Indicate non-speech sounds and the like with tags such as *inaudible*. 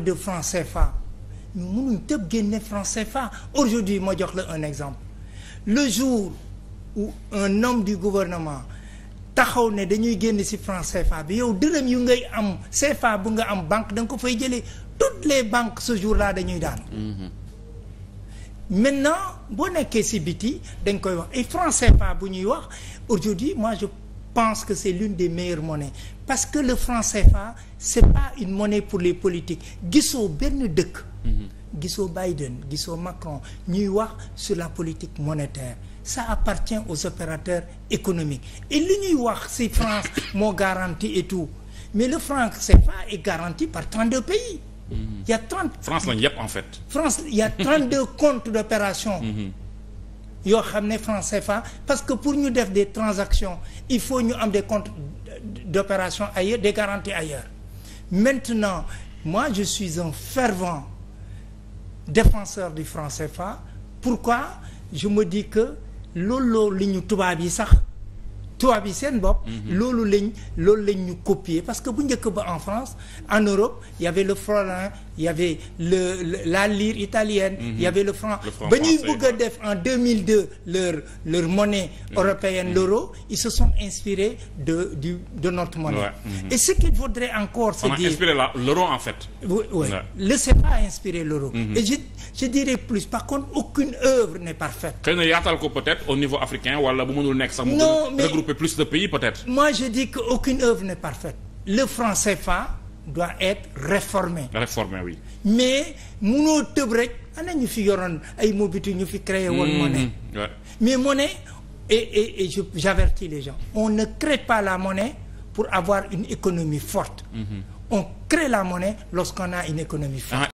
parle de franc CFA ñu mënuñ tëb génne franc CFA aujourd'hui ma jox la un exemple le jour où un homme du gouvernement taxaw ne dañuy génn ci franc CFA bi yow dërëm yu ngay am CFA bu nga am banque danga ko fay jëlee toutes les banques ce jour-là dañuy daan maintenant boo nekkee ci biti dañ koy wax et franc CFA bu ñuy wax aujourd'hui moi je pense que c'est l'une des meilleures monnaies parce que le franc CFA c'est pas une monnaie pour les politiques gisoo benn dëkk mhm. gisoo Biden gisoo Macron ñuy wax sur la politique monétaire ça appartient aux opérateurs économiques et li ñuy wax si France *coughs* moo garanti et tout mais le franc CFA est garanti par 32 pays mhm. il y a 30 France lañu yëpp en fait France il y a 32 *laughs* comptes d'opération mhm. yoo xam ne franc CFA parce que pour ñu def des transactions il faut ñu am des comptes d'opération ailleurs des garanties ailleurs maintenant moi je suis un fervent défenseur du franc CFA pourquoi je me dis que loolu li ñu tubaab yi sax tubaab yi seen bopp. Mhm. loolu lañ loolu lañ ñu copier parce que bu njëkk ba en France en Europe y avait le frelon y avait le, le la lire italienne. Mm -hmm. le franc ba ñuy bëgg def en 2002 leur leur monnaie mhm. européenne mm -hmm. l'euro ils se sont inspirés de du de notre monnaie. Ouais. Mm et ce qu'il faudrait encore. c'est dire l'euro en fait. oui oui le CFA a inspiré l'euro. Mhm. et je je dirais plus par contre aucune œuvre n'est parfaite. xëy na yaatal ko au niveau africain wala bu mënul nekk sax. développer plus de pays peut-être. moi je dis qu'aucune œuvre n'est parfaite. le franc CFA doit être réformé. mais munoo tëb rek ana ñu fi yoroon ay mobitu ñu fi créé woon hmm, monnaie. Hmm, mais monnaie et et et je j'avertis les gens on ne crée pas la monnaie pour avoir une économie forte. Hmm, on crée la monnaie lorsqu'on a une économie forte. Ah,